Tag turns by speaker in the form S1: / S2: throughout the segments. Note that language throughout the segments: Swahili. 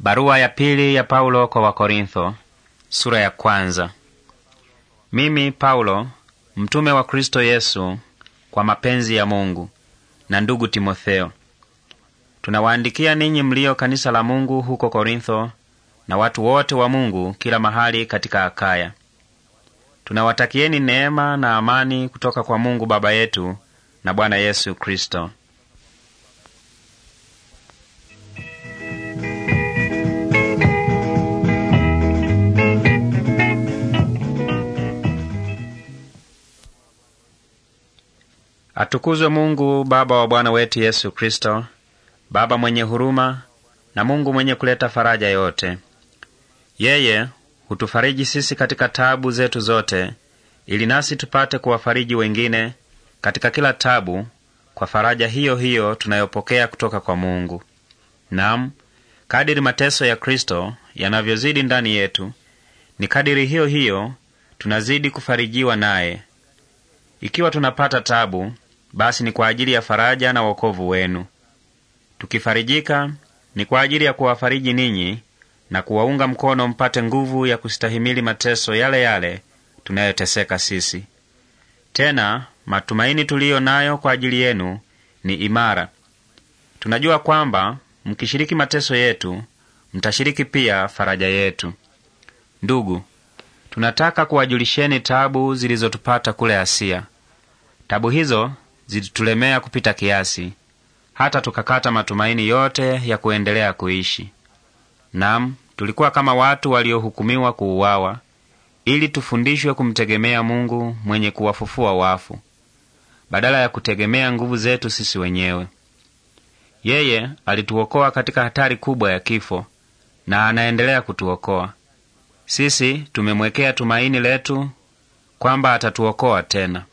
S1: Barua ya pili ya Paulo kwa Wakorintho, sura ya kwanza. Mimi Paulo mtume wa Kristo Yesu kwa mapenzi ya Mungu na ndugu Timotheo, tunawaandikia ninyi mlio kanisa la Mungu huko Korintho na watu wote wa Mungu kila mahali katika Akaya. Tunawatakieni neema na amani kutoka kwa Mungu Baba yetu na Bwana Yesu Kristo. Atukuzwe Mungu Baba wa Bwana wetu Yesu Kristo, Baba mwenye huruma na Mungu mwenye kuleta faraja yote. Yeye hutufariji sisi katika tabu zetu zote, ili nasi tupate kuwafariji wengine katika kila tabu kwa faraja hiyo hiyo tunayopokea kutoka kwa Mungu. Naam, kadiri mateso ya Kristo yanavyozidi ndani yetu, ni kadiri hiyo hiyo tunazidi kufarijiwa naye. Ikiwa tunapata tabu basi ni kwa ajili ya faraja na wokovu wenu. Tukifarijika ni kwa ajili ya kuwafariji ninyi na kuwaunga mkono mpate nguvu ya kustahimili mateso yale yale tunayoteseka sisi. Tena matumaini tuliyo nayo kwa ajili yenu ni imara. Tunajua kwamba mkishiriki mateso yetu mtashiriki pia faraja yetu. Ndugu, tunataka kuwajulisheni tabu zilizotupata kule Asia. Tabu hizo zilitulemea kupita kiasi, hata tukakata matumaini yote ya kuendelea kuishi. Nam, tulikuwa kama watu waliohukumiwa kuuawa, ili tufundishwe kumtegemea Mungu mwenye kuwafufua wafu, badala ya kutegemea nguvu zetu sisi wenyewe. Yeye alituokoa katika hatari kubwa ya kifo na anaendelea kutuokoa sisi. Tumemwekea tumaini letu kwamba atatuokoa tena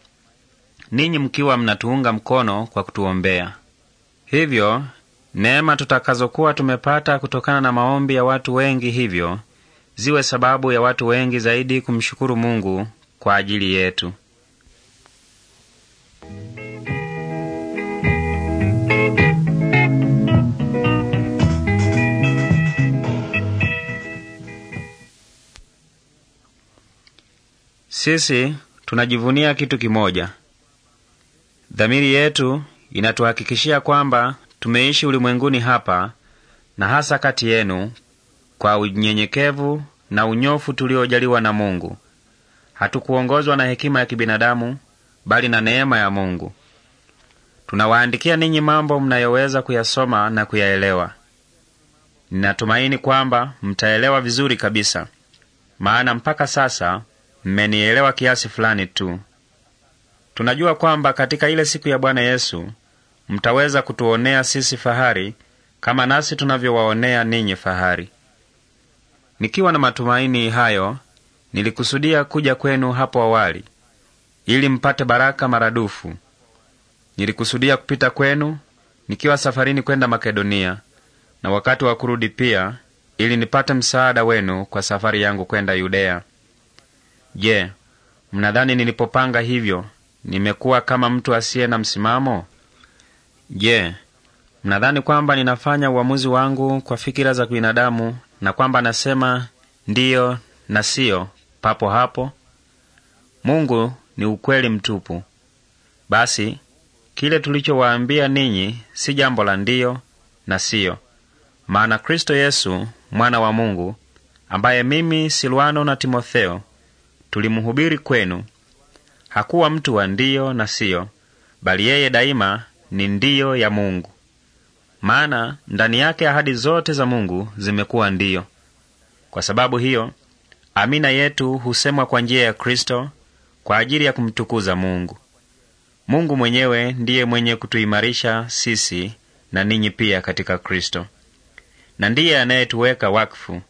S1: ninyi mkiwa mnatuunga mkono kwa kutuombea. Hivyo neema tutakazokuwa tumepata kutokana na maombi ya watu wengi hivyo ziwe sababu ya watu wengi zaidi kumshukuru Mungu kwa ajili yetu. Sisi tunajivunia kitu kimoja. Dhamiri yetu inatuhakikishia kwamba tumeishi ulimwenguni hapa na hasa kati yenu kwa unyenyekevu na unyofu tuliojaliwa na Mungu. Hatukuongozwa na hekima ya kibinadamu, bali na neema ya Mungu. Tunawaandikia ninyi mambo mnayoweza kuyasoma na kuyaelewa. Ninatumaini kwamba mtaelewa vizuri kabisa, maana mpaka sasa mmenielewa kiasi fulani tu. Tunajua kwamba katika ile siku ya Bwana Yesu mtaweza kutuonea sisi fahari kama nasi tunavyowaonea ninyi fahari. Nikiwa na matumaini hayo, nilikusudia kuja kwenu hapo awali ili mpate baraka maradufu. Nilikusudia kupita kwenu nikiwa safarini kwenda Makedonia, na wakati wa kurudi pia, ili nipate msaada wenu kwa safari yangu kwenda Yudea. Je, mnadhani nilipopanga hivyo nimekuwa kama mtu asiye na msimamo? Je, mnadhani kwamba ninafanya uamuzi wangu kwa fikira za binadamu na kwamba nasema ndiyo na siyo papo hapo? Mungu ni ukweli mtupu. Basi kile tulichowaambia ninyi si jambo la ndiyo na siyo, maana Kristo Yesu mwana wa Mungu ambaye mimi Silwano na Timotheo tulimhubiri kwenu Hakuwa mtu wa ndiyo na siyo, bali yeye daima ni ndiyo ya Mungu. Maana ndani yake ahadi zote za Mungu zimekuwa ndiyo. Kwa sababu hiyo, amina yetu husemwa kwa njia ya Kristo kwa ajili ya kumtukuza Mungu. Mungu mwenyewe ndiye mwenye kutuimarisha sisi na ninyi pia katika Kristo, na ndiye anayetuweka wakfu,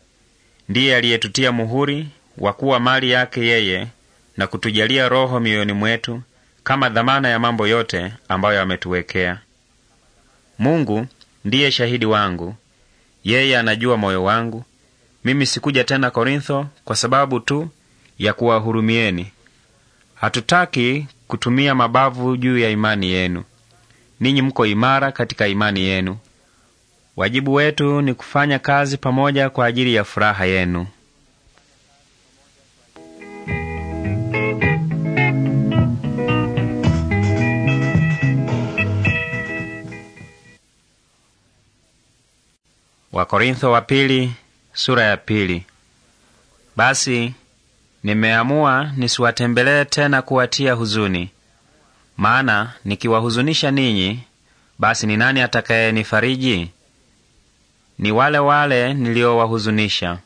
S1: ndiye aliyetutia muhuri wa kuwa mali yake yeye na kutujalia Roho mioyoni mwetu kama dhamana ya mambo yote ambayo ametuwekea. Mungu ndiye shahidi wangu, yeye anajua moyo wangu. Mimi sikuja tena Korintho kwa sababu tu ya kuwahurumieni. Hatutaki kutumia mabavu juu ya imani yenu. Ninyi mko imara katika imani yenu. Wajibu wetu ni kufanya kazi pamoja kwa ajili ya furaha yenu. Wakorintho wa pili, sura ya pili. Basi nimeamua nisiwatembelee tena kuwatia huzuni, maana nikiwahuzunisha ninyi, basi ni nani atakayenifariji? Ni wale wale niliowahuzunisha.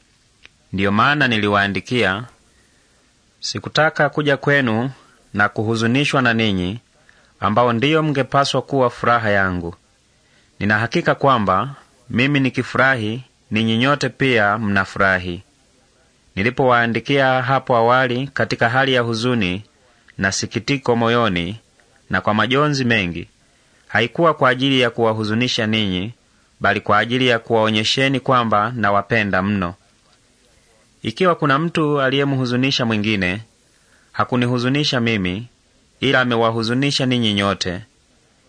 S1: Ndiyo maana niliwaandikia. Sikutaka kuja kwenu na kuhuzunishwa na ninyi, ambao ndiyo mngepaswa kuwa furaha yangu. Ninahakika kwamba mimi nikifurahi, ninyi nyote pia mnafurahi. Nilipowaandikia hapo awali katika hali ya huzuni na sikitiko moyoni na kwa majonzi mengi, haikuwa kwa ajili ya kuwahuzunisha ninyi, bali kwa ajili ya kuwaonyesheni kwamba nawapenda mno. Ikiwa kuna mtu aliyemhuzunisha mwingine, hakunihuzunisha mimi, ila amewahuzunisha ninyi nyote,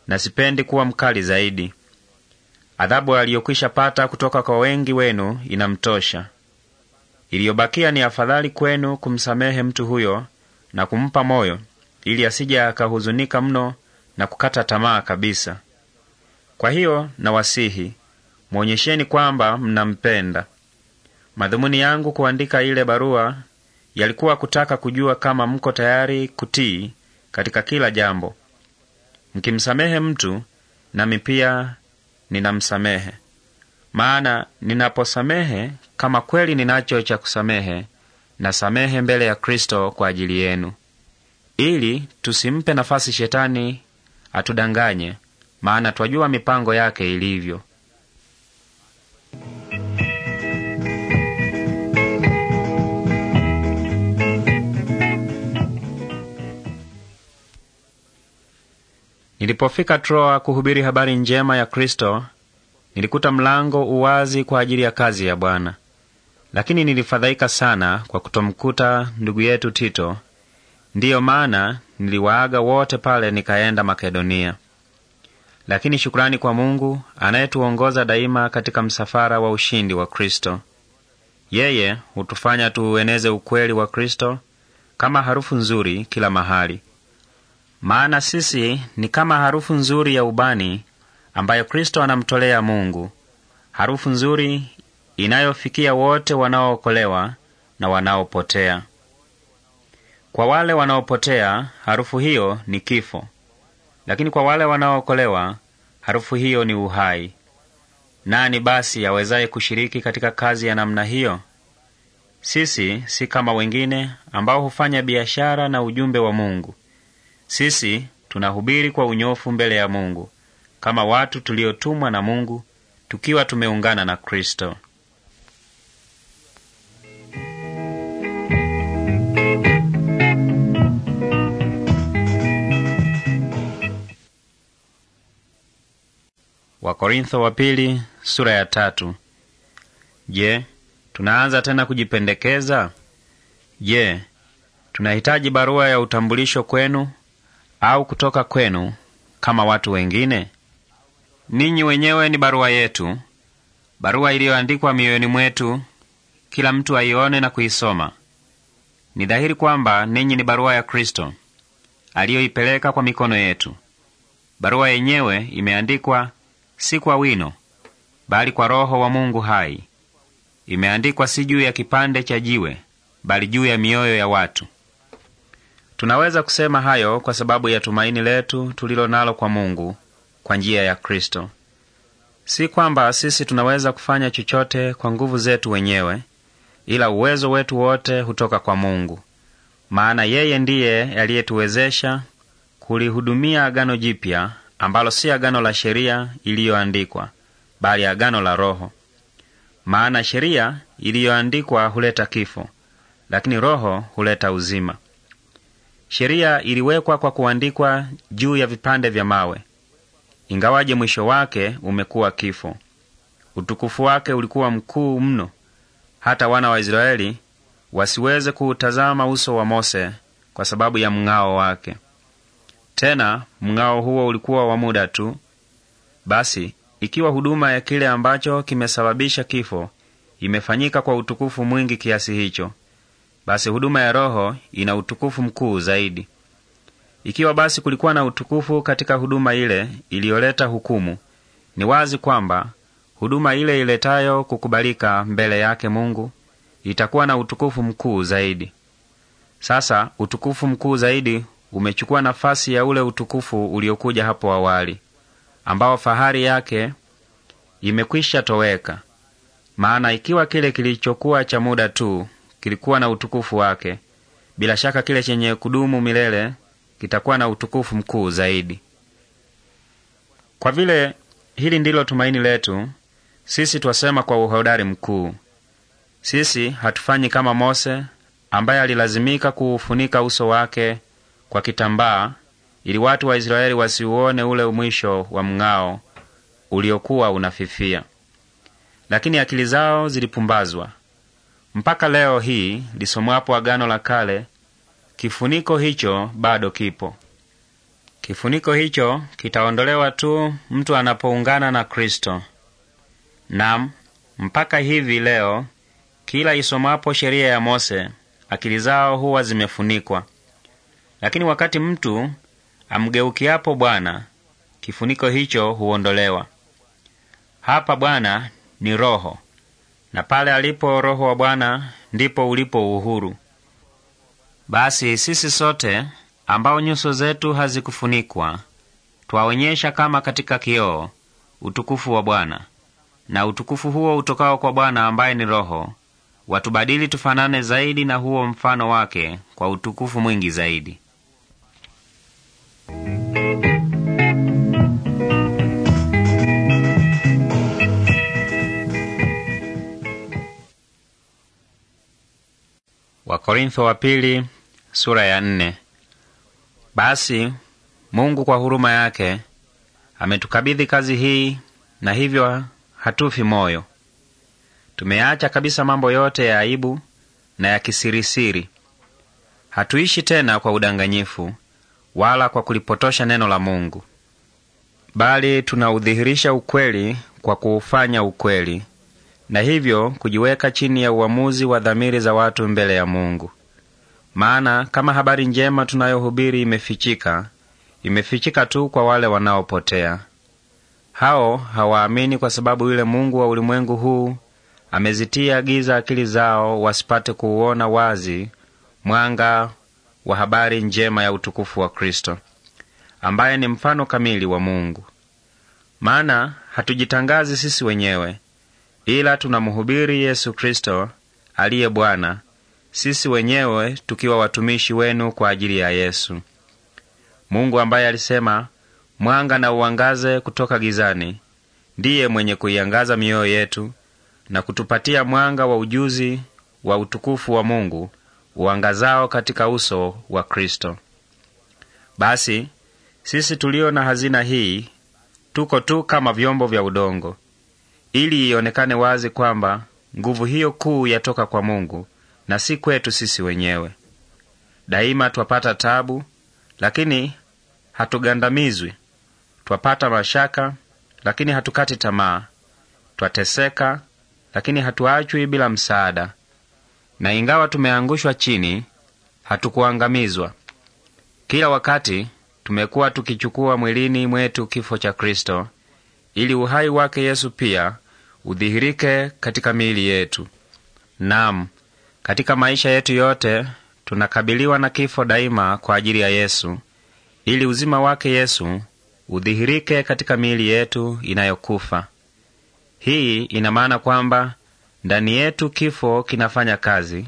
S1: na sipendi kuwa mkali zaidi. Adhabu aliyokwisha pata kutoka kwa wengi wenu inamtosha. Iliyobakia ni afadhali kwenu kumsamehe mtu huyo na kumpa moyo, ili asija akahuzunika mno na kukata tamaa kabisa. Kwa hiyo nawasihi mwonyesheni kwamba mnampenda. Madhumuni yangu kuandika ile barua yalikuwa kutaka kujua kama mko tayari kutii katika kila jambo. Mkimsamehe mtu, nami pia ninamsamehe. Maana ninaposamehe, kama kweli ninacho cha kusamehe, nasamehe mbele ya Kristo kwa ajili yenu, ili tusimpe nafasi Shetani atudanganye, maana twajua mipango yake ilivyo. Nilipofika Troa kuhubiri habari njema ya Kristo, nilikuta mlango uwazi kwa ajili ya kazi ya Bwana, lakini nilifadhaika sana kwa kutomkuta ndugu yetu Tito. Ndiyo maana niliwaaga wote pale nikaenda Makedonia. Lakini shukrani kwa Mungu anayetuongoza daima katika msafara wa ushindi wa Kristo. Yeye hutufanya tuueneze ukweli wa Kristo kama harufu nzuri kila mahali. Maana sisi ni kama harufu nzuri ya ubani ambayo Kristo anamtolea Mungu, harufu nzuri inayofikia wote wanaookolewa na wanaopotea. Kwa wale wanaopotea, harufu hiyo ni kifo, lakini kwa wale wanaookolewa, harufu hiyo ni uhai. Nani basi awezaye kushiriki katika kazi ya namna hiyo? Sisi si kama wengine ambao hufanya biashara na ujumbe wa Mungu. Sisi tunahubiri kwa unyofu mbele ya Mungu kama watu tuliotumwa na Mungu tukiwa tumeungana na Kristo. Wakorintho wa pili, sura ya tatu. Je, tunaanza tena kujipendekeza? Je, tunahitaji barua ya utambulisho kwenu au kutoka kwenu kama watu wengine? Ninyi wenyewe ni barua yetu, barua iliyoandikwa mioyoni mwetu, kila mtu aione na kuisoma. Ni dhahiri kwamba ninyi ni barua ya Kristo aliyoipeleka kwa mikono yetu. Barua yenyewe imeandikwa si kwa wino, bali kwa Roho wa Mungu hai. Imeandikwa si juu ya kipande cha jiwe, bali juu ya mioyo ya watu. Tunaweza kusema hayo kwa sababu ya tumaini letu tulilo nalo kwa Mungu kwa njia ya Kristo. Si kwamba sisi tunaweza kufanya chochote kwa nguvu zetu wenyewe, ila uwezo wetu wote hutoka kwa Mungu, maana yeye ndiye aliyetuwezesha kulihudumia agano jipya ambalo si agano la sheria iliyoandikwa, bali agano la Roho. Maana sheria iliyoandikwa huleta kifo, lakini Roho huleta uzima. Sheria iliwekwa kwa kuandikwa juu ya vipande vya mawe, ingawaje mwisho wake umekuwa kifo. Utukufu wake ulikuwa mkuu mno, hata wana wa Israeli wasiweze kuutazama uso wa Mose kwa sababu ya mng'ao wake. Tena mng'ao huo ulikuwa wa muda tu. Basi ikiwa huduma ya kile ambacho kimesababisha kifo imefanyika kwa utukufu mwingi kiasi hicho, basi huduma ya Roho ina utukufu mkuu zaidi. Ikiwa basi kulikuwa na utukufu katika huduma ile iliyoleta hukumu, ni wazi kwamba huduma ile iletayo kukubalika mbele yake Mungu itakuwa na utukufu mkuu zaidi. Sasa utukufu mkuu zaidi umechukua nafasi ya ule utukufu uliokuja hapo awali, ambao fahari yake imekwisha toweka. Maana ikiwa kile kilichokuwa cha muda tu kilikuwa na utukufu wake. Bila shaka kile chenye kudumu milele kitakuwa na utukufu mkuu zaidi. Kwa vile hili ndilo tumaini letu, sisi twasema kwa uhodari mkuu. Sisi hatufanyi kama Mose ambaye alilazimika kuufunika uso wake kwa kitambaa ili watu wa Israeli wasiuone ule mwisho wa mng'ao uliokuwa unafifia. Lakini akili zao zilipumbazwa. Mpaka leo hii lisomwapo Agano la Kale, kifuniko hicho bado kipo. Kifuniko hicho kitaondolewa tu mtu anapoungana na Kristo. Nam, mpaka hivi leo kila isomapo sheria ya Mose akili zao huwa zimefunikwa, lakini wakati mtu amgeukiapo Bwana kifuniko hicho huondolewa. Hapa Bwana ni Roho, na pale alipo Roho wa Bwana ndipo ulipo uhuru. Basi sisi sote ambao nyuso zetu hazikufunikwa twaonyesha kama katika kioo utukufu wa Bwana, na utukufu huo utokao kwa Bwana ambaye ni Roho watubadili tufanane zaidi na huo mfano wake kwa utukufu mwingi zaidi. Wakorintho wa pili, sura ya nne. Basi Mungu kwa huruma yake ametukabidhi kazi hii na hivyo hatufi moyo. Tumeacha kabisa mambo yote ya aibu na ya kisirisiri. Hatuishi tena kwa udanganyifu wala kwa kulipotosha neno la Mungu, bali tunaudhihirisha ukweli kwa kuufanya ukweli, na hivyo kujiweka chini ya uamuzi wa dhamiri za watu mbele ya Mungu. Maana kama habari njema tunayohubiri imefichika, imefichika tu kwa wale wanaopotea. Hao hawaamini kwa sababu yule mungu wa ulimwengu huu amezitia giza akili zao wasipate kuuona wazi mwanga wa habari njema ya utukufu wa Kristo, ambaye ni mfano kamili wa Mungu. Maana hatujitangazi sisi wenyewe, ila tunamhubiri Yesu Kristo aliye Bwana, sisi wenyewe tukiwa watumishi wenu kwa ajili ya Yesu. Mungu ambaye alisema mwanga na uangaze kutoka gizani, ndiye mwenye kuiangaza mioyo yetu na kutupatia mwanga wa ujuzi wa utukufu wa Mungu uangazao katika uso wa Kristo. Basi sisi tulio na hazina hii tuko tu kama vyombo vya udongo ili ionekane wazi kwamba nguvu hiyo kuu yatoka kwa Mungu na si kwetu sisi wenyewe. Daima twapata tabu, lakini hatugandamizwi; twapata mashaka, lakini hatukati tamaa; twateseka, lakini hatuachwi bila msaada, na ingawa tumeangushwa chini, hatukuangamizwa. Kila wakati tumekuwa tukichukua mwilini mwetu kifo cha Kristo ili uhai wake Yesu pia udhihirike katika miili yetu. Naam, katika maisha yetu yote tunakabiliwa na kifo daima kwa ajili ya Yesu, ili uzima wake Yesu udhihirike katika miili yetu inayokufa. Hii ina maana kwamba ndani yetu kifo kinafanya kazi,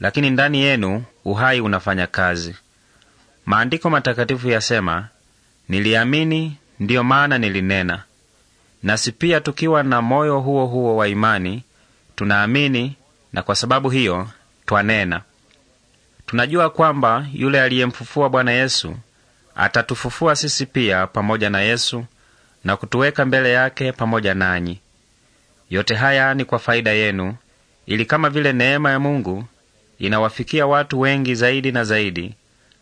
S1: lakini ndani yenu uhai unafanya kazi. Maandiko matakatifu yasema, niliamini ndiyo maana nilinena. Nasi pia tukiwa na moyo huo huo wa imani tunaamini, na kwa sababu hiyo twanena. Tunajua kwamba yule aliyemfufua Bwana Yesu atatufufua sisi pia pamoja na Yesu na kutuweka mbele yake pamoja nanyi. Yote haya ni kwa faida yenu, ili kama vile neema ya Mungu inawafikia watu wengi zaidi na zaidi,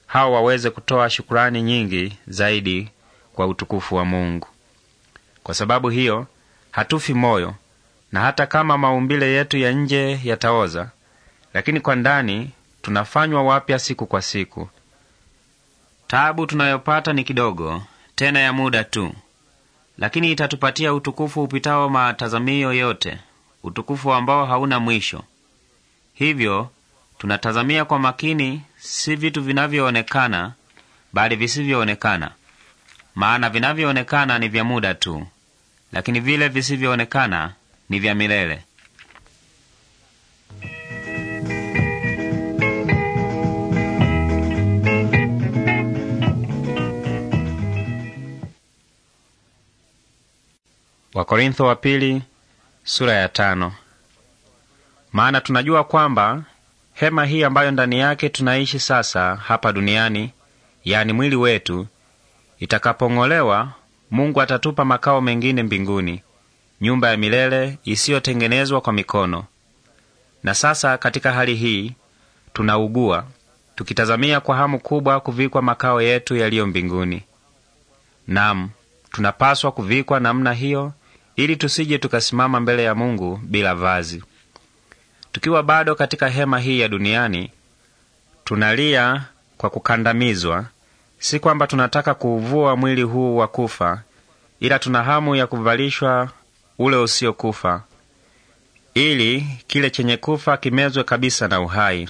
S1: hao waweze kutoa shukurani nyingi zaidi kwa utukufu wa Mungu. Kwa sababu hiyo hatufi moyo, na hata kama maumbile yetu ya nje yataoza, lakini kwa ndani tunafanywa wapya siku kwa siku. tabu tunayopata ni kidogo, tena ya muda tu, lakini itatupatia utukufu upitao matazamio yote, utukufu ambao hauna mwisho. Hivyo tunatazamia kwa makini, si vitu vinavyoonekana, bali visivyoonekana, maana vinavyoonekana ni vya muda tu, lakini vile visivyoonekana ni vya milele. Wakorintho wa pili, sura ya tano. Maana tunajua kwamba hema hii ambayo ndani yake tunaishi sasa hapa duniani, yaani mwili wetu, Itakapong'olewa, Mungu atatupa makao mengine mbinguni, nyumba ya milele isiyotengenezwa kwa mikono. Na sasa katika hali hii tunaugua, tukitazamia kwa hamu kubwa kuvikwa makao yetu yaliyo mbinguni. Nam, tunapaswa kuvikwa namna hiyo ili tusije tukasimama mbele ya Mungu bila vazi. Tukiwa bado katika hema hii ya duniani, tunalia kwa kukandamizwa Si kwamba tunataka kuuvua mwili huu wa kufa, ila tuna hamu ya kuvalishwa ule usiokufa, ili kile chenye kufa kimezwe kabisa na uhai.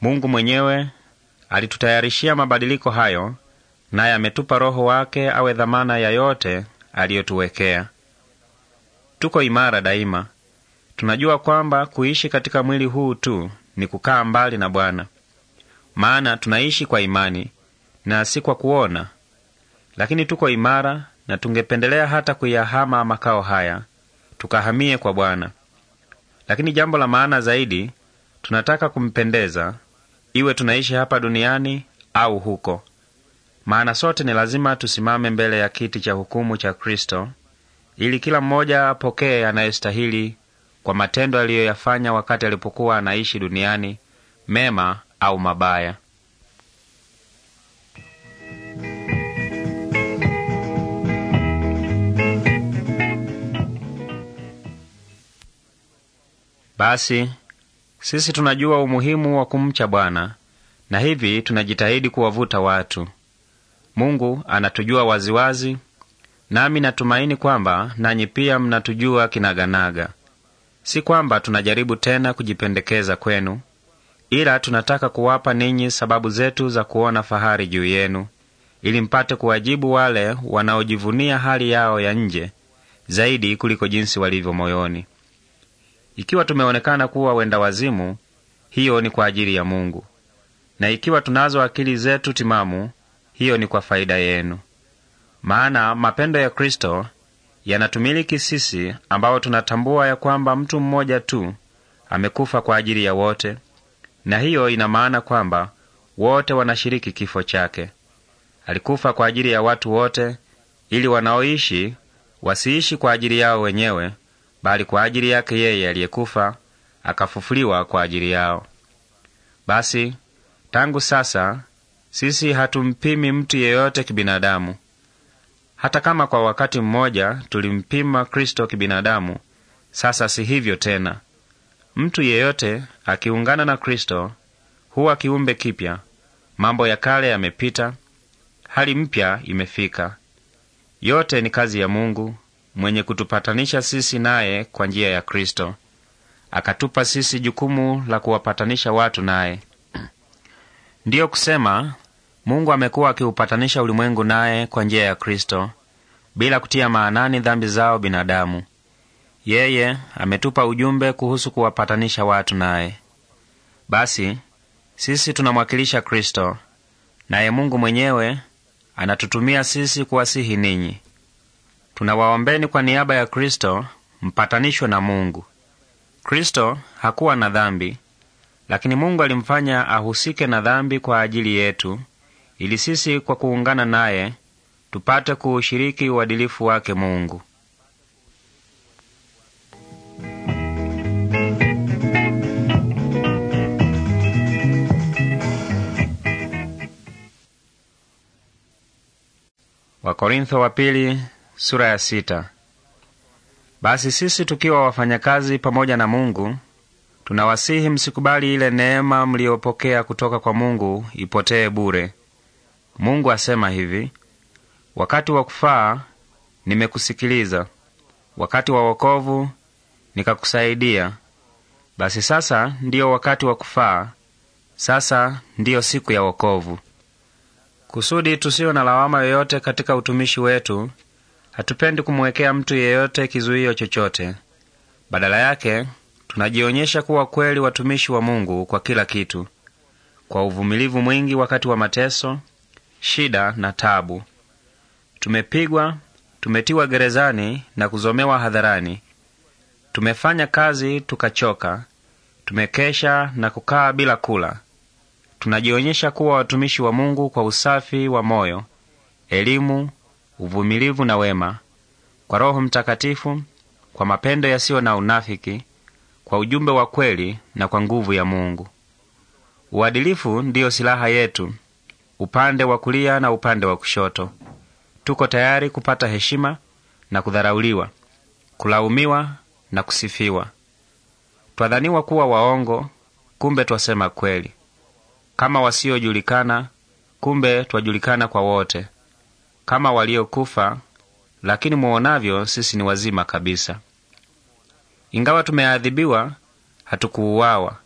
S1: Mungu mwenyewe alitutayarishia mabadiliko hayo, naye ametupa Roho wake awe dhamana ya yote aliyotuwekea. Tuko imara daima. Tunajua kwamba kuishi katika mwili huu tu ni kukaa mbali na Bwana, maana tunaishi kwa imani na si kwa kuona, lakini tuko imara na tungependelea hata kuyahama makao haya tukahamie kwa Bwana. Lakini jambo la maana zaidi, tunataka kumpendeza, iwe tunaishi hapa duniani au huko. Maana sote ni lazima tusimame mbele ya kiti cha hukumu cha Kristo, ili kila mmoja apokee anayestahili kwa matendo aliyoyafanya wakati alipokuwa anaishi duniani, mema au mabaya. Basi sisi tunajua umuhimu wa kumcha Bwana na hivi tunajitahidi kuwavuta watu. Mungu anatujua waziwazi, nami natumaini kwamba nanyi pia mnatujua kinaganaga. Si kwamba tunajaribu tena kujipendekeza kwenu, ila tunataka kuwapa ninyi sababu zetu za kuona fahari juu yenu, ili mpate kuwajibu wale wanaojivunia hali yao ya nje zaidi kuliko jinsi walivyo moyoni. Ikiwa tumeonekana kuwa wenda wazimu, hiyo ni kwa ajili ya Mungu, na ikiwa tunazo akili zetu timamu, hiyo ni kwa faida yenu. Maana mapendo ya Kristo yanatumiliki sisi ambao tunatambua ya kwamba mtu mmoja tu amekufa kwa ajili ya wote, na hiyo ina maana kwamba wote wanashiriki kifo chake. Alikufa kwa ajili ya watu wote, ili wanaoishi wasiishi kwa ajili yao wenyewe, bali kwa ajili yake yeye aliyekufa akafufuliwa kwa ajili yao. Basi tangu sasa sisi hatumpimi mtu yeyote kibinadamu. Hata kama kwa wakati mmoja tulimpima Kristo kibinadamu, sasa si hivyo tena. Mtu yeyote akiungana na Kristo huwa kiumbe kipya. Mambo ya kale yamepita, hali mpya imefika. Yote ni kazi ya Mungu mwenye kutupatanisha sisi naye kwa njia ya Kristo, akatupa sisi jukumu la kuwapatanisha watu naye. Ndiyo kusema Mungu amekuwa akiupatanisha ulimwengu naye kwa njia ya Kristo, bila kutia maanani dhambi zao binadamu. Yeye ametupa ujumbe kuhusu kuwapatanisha watu naye. Basi sisi tunamwakilisha Kristo, naye Mungu mwenyewe anatutumia sisi kuwasihi ninyi tunawaombeni kwa niaba ya Kristo mpatanishwe na Mungu. Kristo hakuwa na dhambi, lakini Mungu alimfanya ahusike na dhambi kwa ajili yetu, ili sisi kwa kuungana naye tupate kuushiriki uadilifu wake Mungu. Wakorintho wa pili Sura ya sita. Basi sisi tukiwa wafanyakazi pamoja na Mungu tunawasihi msikubali ile neema mliyopokea kutoka kwa Mungu ipotee bure. Mungu asema hivi: wakati wa kufaa nimekusikiliza, wakati wa wokovu nikakusaidia. Basi sasa ndiyo wakati wa kufaa, sasa ndiyo siku ya wokovu, kusudi tusiyo na lawama yoyote katika utumishi wetu Hatupendi kumwekea mtu yeyote kizuio chochote. Badala yake, tunajionyesha kuwa kweli watumishi wa Mungu kwa kila kitu, kwa uvumilivu mwingi wakati wa mateso, shida na tabu. Tumepigwa, tumetiwa gerezani na kuzomewa hadharani. Tumefanya kazi tukachoka, tumekesha na kukaa bila kula. Tunajionyesha kuwa watumishi wa Mungu kwa usafi wa moyo, elimu uvumilivu na wema, kwa Roho Mtakatifu, kwa mapendo yasiyo na unafiki, kwa ujumbe wa kweli na kwa nguvu ya Mungu. Uadilifu ndiyo silaha yetu, upande wa kulia na upande wa kushoto. Tuko tayari kupata heshima na kudharauliwa, kulaumiwa na kusifiwa. Twadhaniwa kuwa waongo, kumbe twasema kweli. Kama wasiojulikana, kumbe twajulikana kwa wote kama waliokufa, lakini mwonavyo sisi ni wazima kabisa. Ingawa tumeadhibiwa, hatukuuawa.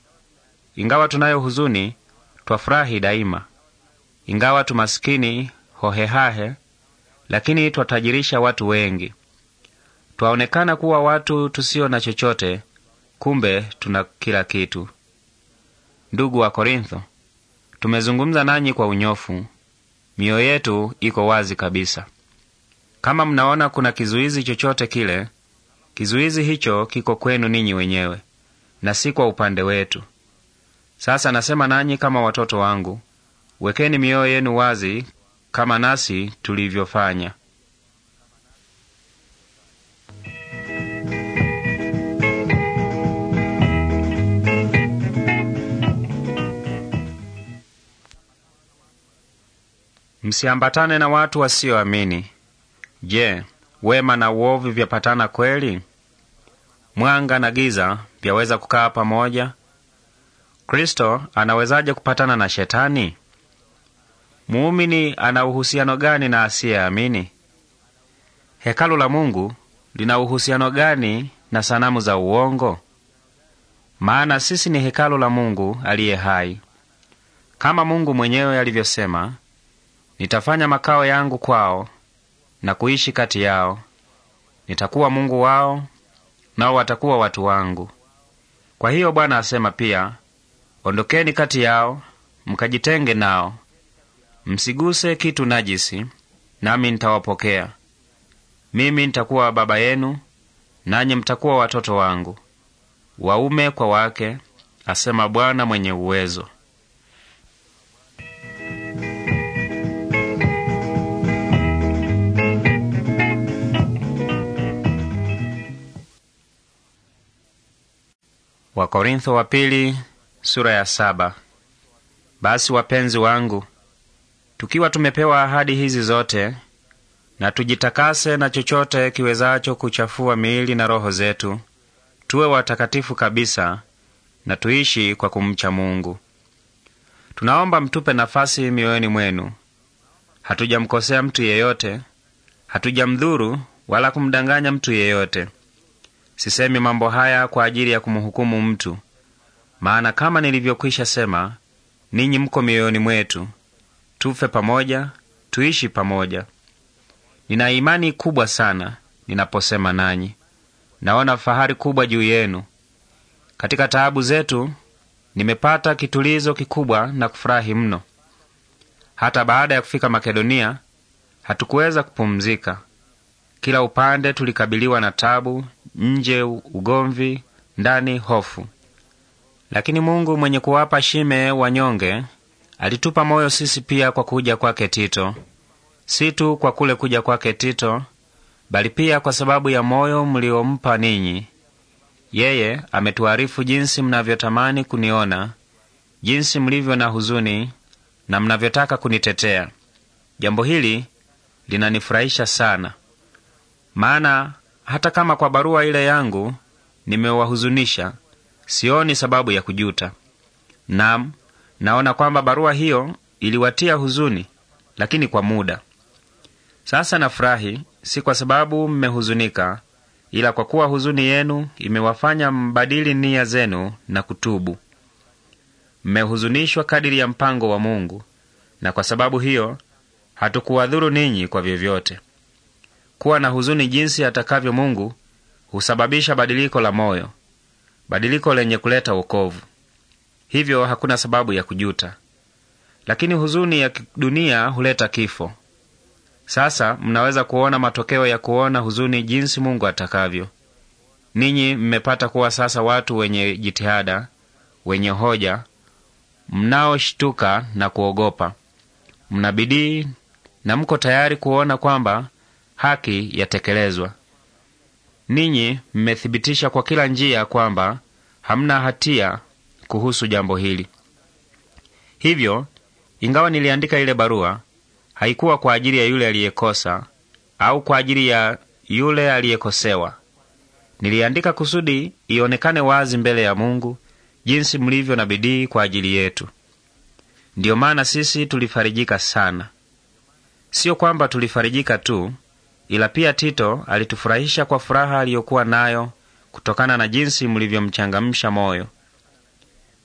S1: Ingawa tunayo huzuni, twafurahi daima. Ingawa tumasikini hohehahe, lakini twatajirisha watu wengi. Twaonekana kuwa watu tusio na chochote, kumbe tuna kila kitu. Ndugu wa Korintho, tumezungumza nanyi kwa unyofu mioyo yetu iko wazi kabisa. Kama mnaona kuna kizuizi chochote kile, kizuizi hicho kiko kwenu ninyi wenyewe na si kwa upande wetu. Sasa nasema nanyi kama watoto wangu, wekeni mioyo yenu wazi kama nasi tulivyofanya. Msiambatane na watu wasioamini. Je, wema na uovu vyapatana kweli? Mwanga na giza vyaweza kukaa pamoja? Kristo anawezaje kupatana na Shetani? Muumini ana uhusiano gani na asiyeamini? Hekalu la Mungu lina uhusiano gani na sanamu za uongo? Maana sisi ni hekalu la Mungu aliye hai, kama Mungu mwenyewe alivyosema, Nitafanya makao yangu kwao na kuishi kati yao. Nitakuwa Mungu wao, nao watakuwa watu wangu. Kwa hiyo Bwana asema pia, ondokeni kati yao, mkajitenge nao, msiguse kitu najisi, nami nitawapokea. Mimi nitakuwa baba yenu, nanyi mtakuwa watoto wangu, waume kwa wake, asema Bwana mwenye uwezo. Wakorintho wa pili, sura ya saba. Basi wapenzi wangu, tukiwa tumepewa ahadi hizi zote, na tujitakase na chochote kiwezacho kuchafua miili na roho zetu, tuwe watakatifu kabisa na tuishi kwa kumcha Mungu. Tunaomba mtupe nafasi mioyoni mwenu. Hatujamkosea mtu yeyote, hatujamdhuru wala kumdanganya mtu yeyote. Sisemi mambo haya kwa ajili ya kumhukumu mtu, maana kama nilivyokwisha sema, ninyi mko mioyoni mwetu. Tufe pamoja, tuishi pamoja. Nina imani kubwa sana ninaposema nanyi, naona fahari kubwa juu yenu. Katika taabu zetu nimepata kitulizo kikubwa na kufurahi mno. Hata baada ya kufika Makedonia hatukuweza kupumzika. Kila upande tulikabiliwa na tabu nje ugomvi, ndani hofu. Lakini Mungu mwenye kuwapa shime wanyonge alitupa moyo sisi pia kwa kuja kwake Tito, si tu kwa kule kuja kwake Tito, bali pia kwa sababu ya moyo mliompa ninyi. Yeye ametuarifu jinsi mnavyotamani kuniona, jinsi mlivyo na huzuni na mnavyotaka kunitetea. Jambo hili linanifurahisha sana, maana hata kama kwa barua ile yangu nimewahuzunisha, sioni sababu ya kujuta. Naam, naona kwamba barua hiyo iliwatia huzuni, lakini kwa muda. Sasa nafurahi, si kwa sababu mmehuzunika, ila kwa kuwa huzuni yenu imewafanya mbadili nia zenu na kutubu. Mmehuzunishwa kadiri ya mpango wa Mungu, na kwa sababu hiyo hatukuwadhuru ninyi kwa vyovyote. Kuwa na huzuni jinsi atakavyo Mungu husababisha badiliko la moyo, badiliko lenye kuleta wokovu. Hivyo hakuna sababu ya kujuta, lakini huzuni ya dunia huleta kifo. Sasa mnaweza kuona matokeo ya kuona huzuni jinsi Mungu atakavyo. Ninyi mmepata kuwa sasa watu wenye jitihada, wenye hoja, mnaoshtuka na kuogopa, mna bidii na mko tayari kuona kwamba haki yatekelezwa. Ninyi mmethibitisha kwa kila njia kwamba hamna hatia kuhusu jambo hili. Hivyo, ingawa niliandika ile barua, haikuwa kwa ajili ya yule aliyekosa au kwa ajili ya yule aliyekosewa. Niliandika kusudi ionekane wazi mbele ya Mungu jinsi mlivyo na bidii kwa ajili yetu. Ndiyo maana sisi tulifarijika sana. Sio kwamba tulifarijika tu, Ila pia Tito alitufurahisha kwa furaha aliyokuwa nayo kutokana na jinsi mlivyomchangamsha moyo.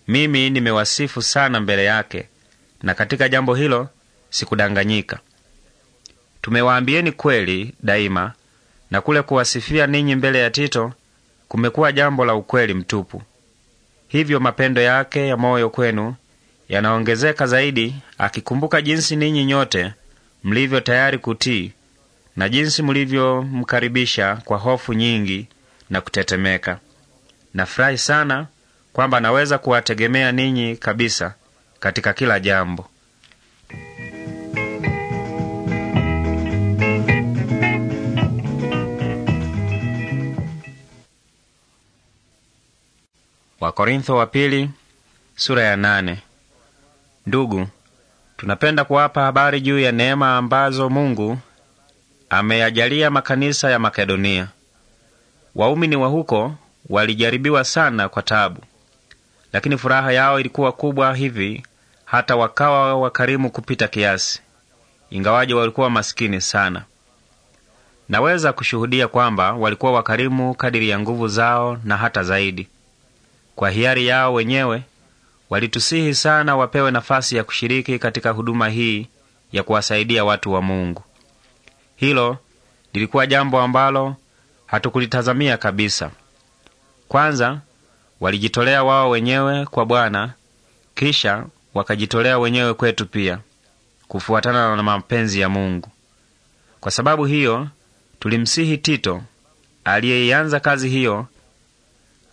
S1: Mimi nimewasifu sana mbele yake, na katika jambo hilo sikudanganyika. Tumewaambieni kweli daima, na kule kuwasifia ninyi mbele ya Tito kumekuwa jambo la ukweli mtupu. Hivyo mapendo yake ya moyo kwenu yanaongezeka zaidi, akikumbuka jinsi ninyi nyote mlivyo tayari kutii na jinsi mlivyomkaribisha kwa hofu nyingi na kutetemeka. Nafurahi sana kwamba naweza kuwategemea ninyi kabisa katika kila jambo. Wakorintho wa pili, sura ya nane. Ndugu, tunapenda kuwapa habari juu ya neema ambazo Mungu ameyajalia makanisa ya Makedonia. Waumini wa huko walijaribiwa sana kwa taabu, lakini furaha yao ilikuwa kubwa hivi hata wakawa wakarimu kupita kiasi, ingawaje walikuwa masikini sana. Naweza kushuhudia kwamba walikuwa wakarimu kadiri ya nguvu zao na hata zaidi. Kwa hiari yao wenyewe walitusihi sana wapewe nafasi ya kushiriki katika huduma hii ya kuwasaidia watu wa Mungu. Hilo lilikuwa jambo ambalo hatukulitazamia kabisa. Kwanza walijitolea wao wenyewe kwa Bwana, kisha wakajitolea wenyewe kwetu pia, kufuatana na mapenzi ya Mungu. Kwa sababu hiyo tulimsihi Tito aliyeianza kazi hiyo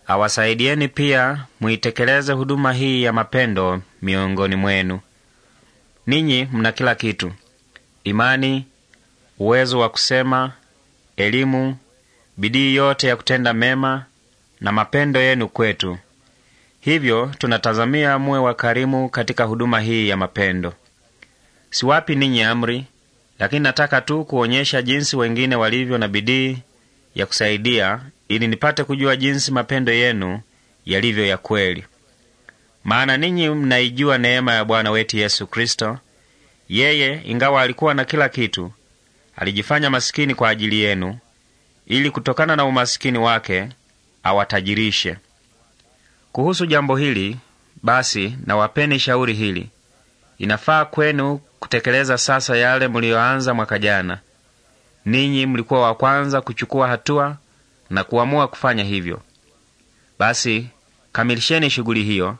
S1: awasaidieni pia muitekeleze huduma hii ya mapendo miongoni mwenu. Ninyi mna kila kitu: imani, uwezo wa kusema, elimu, bidii yote ya kutenda mema na mapendo yenu kwetu. Hivyo tunatazamia muwe wakarimu katika huduma hii ya mapendo. Siwapi ninyi amri, lakini nataka tu kuonyesha jinsi wengine walivyo na bidii ya kusaidia, ili nipate kujua jinsi mapendo yenu yalivyo ya kweli. Maana ninyi mnaijua neema ya Bwana wetu Yesu Kristo. Yeye ingawa alikuwa na kila kitu, Alijifanya masikini kwa ajili yenu, ili kutokana na umasikini wake awatajirishe. Kuhusu jambo hili basi, nawapeni shauri hili: inafaa kwenu kutekeleza sasa yale mliyoanza mwaka jana. Ninyi mlikuwa wa kwanza kuchukua hatua na kuamua kufanya hivyo. Basi kamilisheni shughuli hiyo,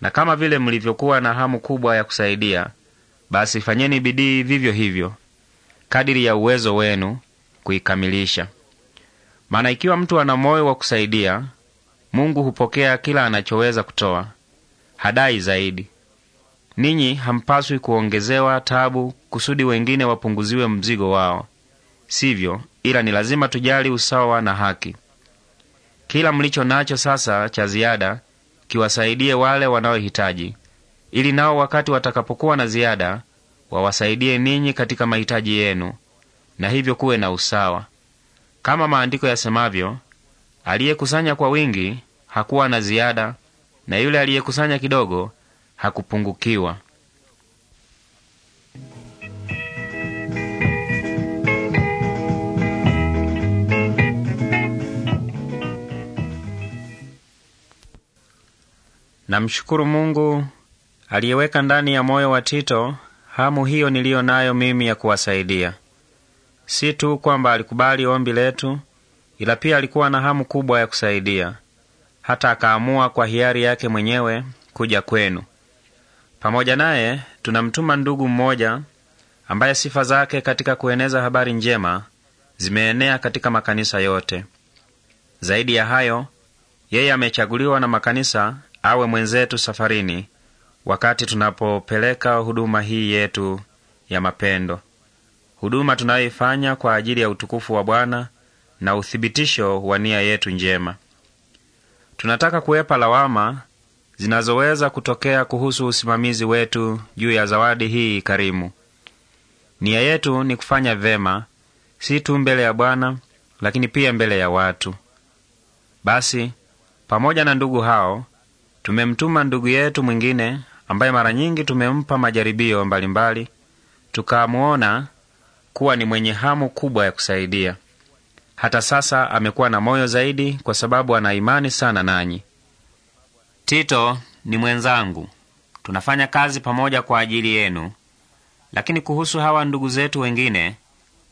S1: na kama vile mlivyokuwa na hamu kubwa ya kusaidia, basi fanyeni bidii vivyo hivyo kadiri ya uwezo wenu kuikamilisha. Maana ikiwa mtu ana moyo wa kusaidia, Mungu hupokea kila anachoweza kutoa, hadai zaidi. Ninyi hampaswi kuongezewa tabu kusudi wengine wapunguziwe mzigo wao, sivyo? Ila ni lazima tujali usawa na haki. Kila mlicho nacho sasa cha ziada kiwasaidie wale wanaohitaji, ili nao wakati watakapokuwa na ziada wawasaidie ninyi katika mahitaji yenu, na hivyo kuwe na usawa. Kama maandiko yasemavyo, aliyekusanya kwa wingi hakuwa na ziada, na yule aliyekusanya kidogo hakupungukiwa. Namshukuru Mungu aliyeweka ndani ya moyo wa Tito hamu hiyo niliyo nayo mimi ya kuwasaidia. Si tu kwamba alikubali ombi letu, ila pia alikuwa na hamu kubwa ya kusaidia, hata akaamua kwa hiari yake mwenyewe kuja kwenu. Pamoja naye tunamtuma ndugu mmoja ambaye sifa zake katika kueneza habari njema zimeenea katika makanisa yote. Zaidi ya hayo, yeye amechaguliwa na makanisa awe mwenzetu safarini wakati tunapopeleka huduma hii yetu ya mapendo, huduma tunayoifanya kwa ajili ya utukufu wa Bwana na uthibitisho wa nia yetu njema. Tunataka kuwepa lawama zinazoweza kutokea kuhusu usimamizi wetu juu ya zawadi hii karimu. Nia yetu ni kufanya vema, si tu mbele ya Bwana lakini pia mbele ya watu. Basi pamoja na ndugu hao tumemtuma ndugu yetu mwingine ambaye mara nyingi tumempa majaribio mbalimbali, tukamwona kuwa ni mwenye hamu kubwa ya kusaidia. Hata sasa amekuwa na moyo zaidi, kwa sababu ana imani sana nanyi. Tito ni mwenzangu, tunafanya kazi pamoja kwa ajili yenu. Lakini kuhusu hawa ndugu zetu wengine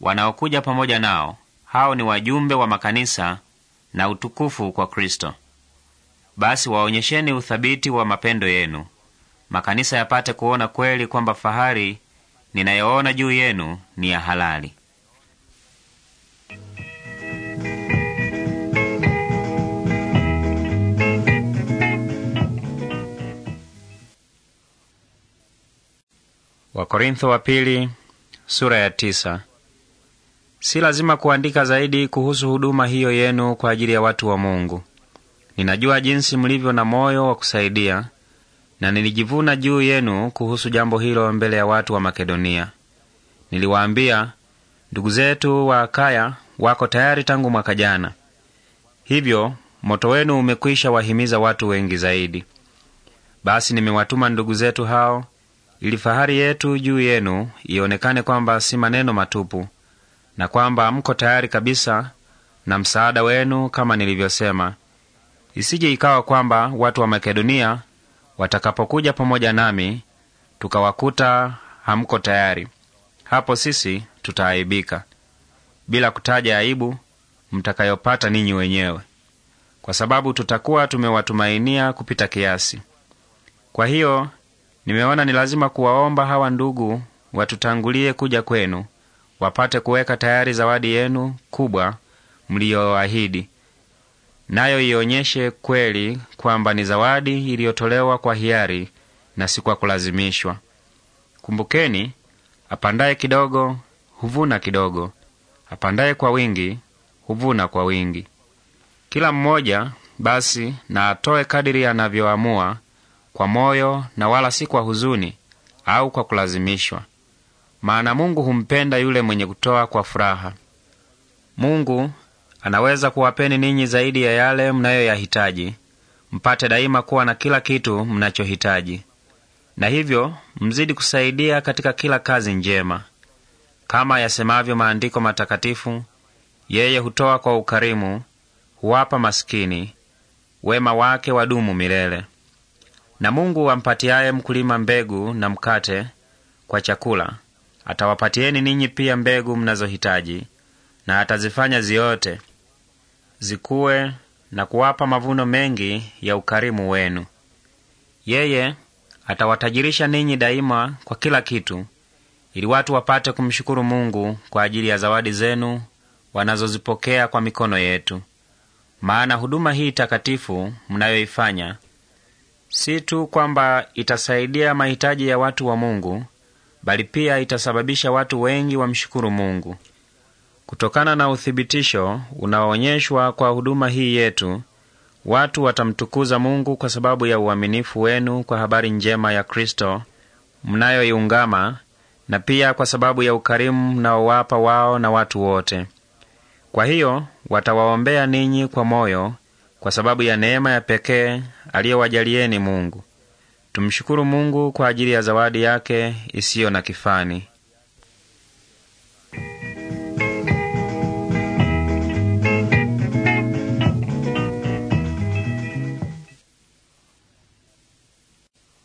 S1: wanaokuja pamoja nao, hao ni wajumbe wa makanisa na utukufu kwa Kristo. Basi waonyesheni uthabiti wa mapendo yenu makanisa yapate kuona kweli kwamba fahari ninayoona juu yenu ni ya halali. Wakorintho wa pili, sura ya tisa. Si lazima kuandika zaidi kuhusu huduma hiyo yenu kwa ajili ya watu wa Mungu. Ninajua jinsi mlivyo na moyo wa kusaidia na nilijivuna juu yenu kuhusu jambo hilo mbele ya watu wa Makedonia. Niliwaambia, ndugu zetu wa Akaya wako tayari tangu mwaka jana, hivyo moto wenu umekwisha wahimiza watu wengi zaidi. Basi nimewatuma ndugu zetu hao ili fahari yetu juu yenu ionekane kwamba si maneno matupu na kwamba mko tayari kabisa na msaada wenu, kama nilivyosema, isije ikawa kwamba watu wa Makedonia watakapokuja pamoja nami tukawakuta hamko tayari, hapo sisi tutaaibika, bila kutaja aibu mtakayopata ninyi wenyewe, kwa sababu tutakuwa tumewatumainia kupita kiasi. Kwa hiyo nimeona ni lazima kuwaomba hawa ndugu watutangulie kuja kwenu, wapate kuweka tayari zawadi yenu kubwa mliyoahidi, nayo ionyeshe kweli kwamba ni zawadi iliyotolewa kwa hiari na si kwa kulazimishwa. Kumbukeni, apandaye kidogo huvuna kidogo, apandaye kwa wingi huvuna kwa wingi. Kila mmoja basi na atoe kadiri anavyoamua kwa moyo, na wala si kwa huzuni au kwa kulazimishwa, maana Mungu humpenda yule mwenye kutoa kwa furaha. Mungu anaweza kuwapeni ninyi zaidi ya yale mnayoyahitaji, mpate daima kuwa na kila kitu mnachohitaji, na hivyo mzidi kusaidia katika kila kazi njema. Kama yasemavyo maandiko matakatifu, yeye hutoa kwa ukarimu, huwapa maskini, wema wake wadumu milele. Na Mungu ampatiaye mkulima mbegu na mkate kwa chakula, atawapatieni ninyi pia mbegu mnazohitaji, na atazifanya ziote zikuwe na kuwapa mavuno mengi ya ukarimu wenu. Yeye atawatajirisha ninyi daima kwa kila kitu, ili watu wapate kumshukuru Mungu kwa ajili ya zawadi zenu wanazozipokea kwa mikono yetu. Maana huduma hii takatifu mnayoifanya si tu kwamba itasaidia mahitaji ya watu wa Mungu, bali pia itasababisha watu wengi wamshukuru Mungu. Kutokana na uthibitisho unaoonyeshwa kwa huduma hii yetu, watu watamtukuza Mungu kwa sababu ya uaminifu wenu kwa habari njema ya Kristo mnayoiungama na pia kwa sababu ya ukarimu mnaowapa wao na watu wote. Kwa hiyo watawaombea ninyi kwa moyo kwa sababu ya neema ya pekee aliyowajalieni Mungu. Tumshukuru Mungu kwa ajili ya zawadi yake isiyo na kifani.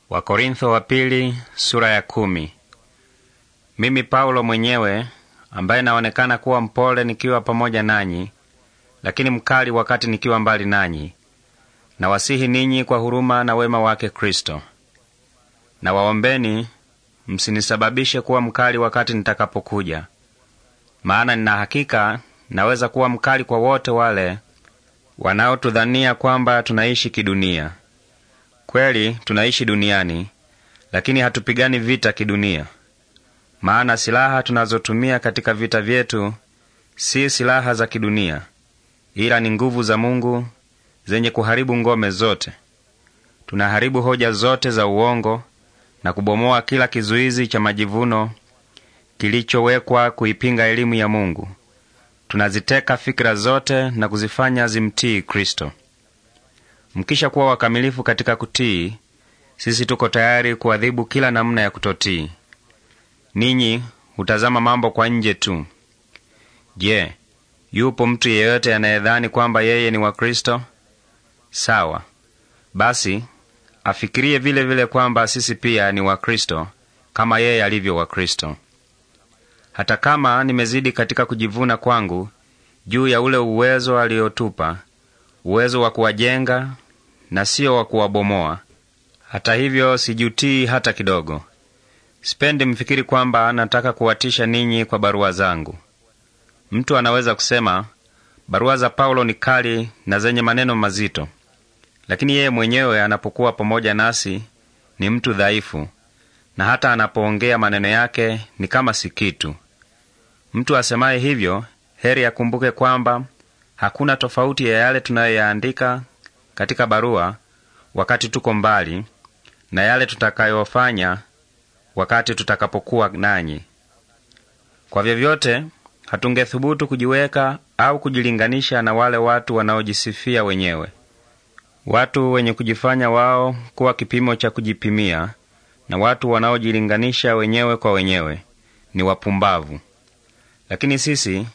S1: Wakorintho wa pili, sura ya kumi. Mimi Paulo mwenyewe ambaye naonekana kuwa mpole nikiwa pamoja nanyi, lakini mkali wakati nikiwa mbali nanyi, nawasihi ninyi kwa huruma na wema wake Kristo. Na waombeni msinisababishe kuwa mkali wakati nitakapokuja, maana nina hakika naweza kuwa mkali kwa wote wale wanaotudhania kwamba tunaishi kidunia. Kweli tunaishi duniani, lakini hatupigani vita kidunia, maana silaha tunazotumia katika vita vyetu si silaha za kidunia, ila ni nguvu za Mungu zenye kuharibu ngome zote. Tunaharibu hoja zote za uongo na kubomoa kila kizuizi cha majivuno kilichowekwa kuipinga elimu ya Mungu. Tunaziteka fikira zote na kuzifanya zimtii Kristo. Mkisha kuwa wakamilifu katika kutii, sisi tuko tayari kuadhibu kila namna ya kutotii. Ninyi hutazama mambo kwa nje tu. Je, yupo mtu yeyote anayedhani kwamba yeye ni Wakristo? Sawa basi, afikirie vile vile kwamba sisi pia ni Wakristo kama yeye alivyo Wakristo. Hata kama nimezidi katika kujivuna kwangu juu ya ule uwezo aliotupa, uwezo wa kuwajenga na sio wa kuwabomoa. Hata hivyo, sijutii hata kidogo. Sipendi mfikiri kwamba nataka kuwatisha ninyi kwa barua zangu. Mtu anaweza kusema barua za Paulo ni kali na zenye maneno mazito, lakini yeye mwenyewe anapokuwa pamoja nasi ni mtu dhaifu, na hata anapoongea maneno yake ni kama si kitu. Mtu asemaye hivyo heri akumbuke kwamba Hakuna tofauti ya yale tunayoyaandika katika barua wakati tuko mbali na yale tutakayofanya wakati tutakapokuwa nanyi. Kwa vyovyote, hatungethubutu kujiweka au kujilinganisha na wale watu wanaojisifia wenyewe, watu wenye kujifanya wao kuwa kipimo cha kujipimia, na watu wanaojilinganisha wenyewe kwa wenyewe ni wapumbavu. Lakini sisi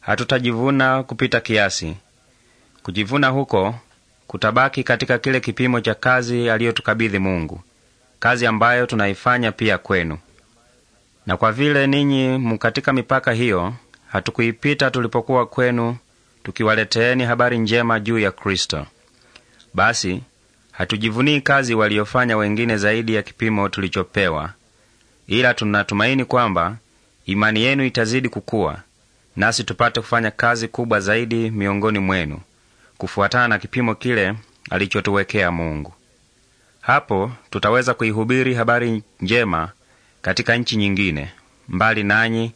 S1: Hatutajivuna kupita kiasi. Kujivuna huko kutabaki katika kile kipimo cha kazi aliyotukabidhi Mungu, kazi ambayo tunaifanya pia kwenu. Na kwa vile ninyi mkatika mipaka hiyo, hatukuipita tulipokuwa kwenu tukiwaleteeni habari njema juu ya Kristo. Basi hatujivunii kazi waliofanya wengine zaidi ya kipimo tulichopewa, ila tunatumaini kwamba imani yenu itazidi kukua nasi tupate kufanya kazi kubwa zaidi miongoni mwenu kufuatana na kipimo kile alichotuwekea Mungu. Hapo tutaweza kuihubiri habari njema katika nchi nyingine mbali nanyi,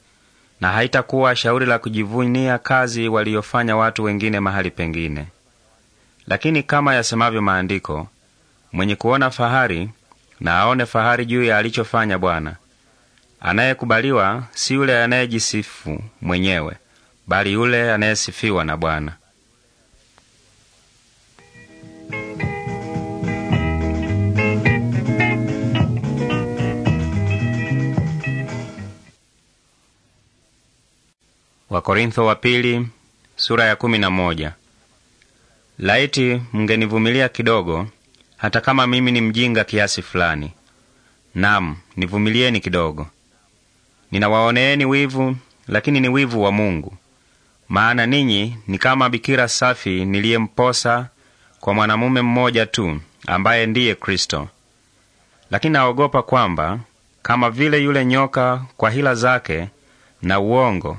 S1: na haitakuwa shauri la kujivunia kazi waliyofanya watu wengine mahali pengine. Lakini kama yasemavyo Maandiko, mwenye kuona fahari na aone fahari juu ya alichofanya Bwana, Anayekubaliwa si yule anayejisifu mwenyewe, bali yule anayesifiwa na Bwana. Wakorintho wa pili, sura ya kumi na moja. Laiti mngenivumilia kidogo, hata kama mimi ni mjinga kiasi fulani. Nam, nivumilieni kidogo. Ninawaoneeni wivu, lakini ni wivu wa Mungu. Maana ninyi ni kama bikira safi niliyemposa kwa mwanamume mmoja tu ambaye ndiye Kristo. Lakini naogopa kwamba kama vile yule nyoka kwa hila zake na uongo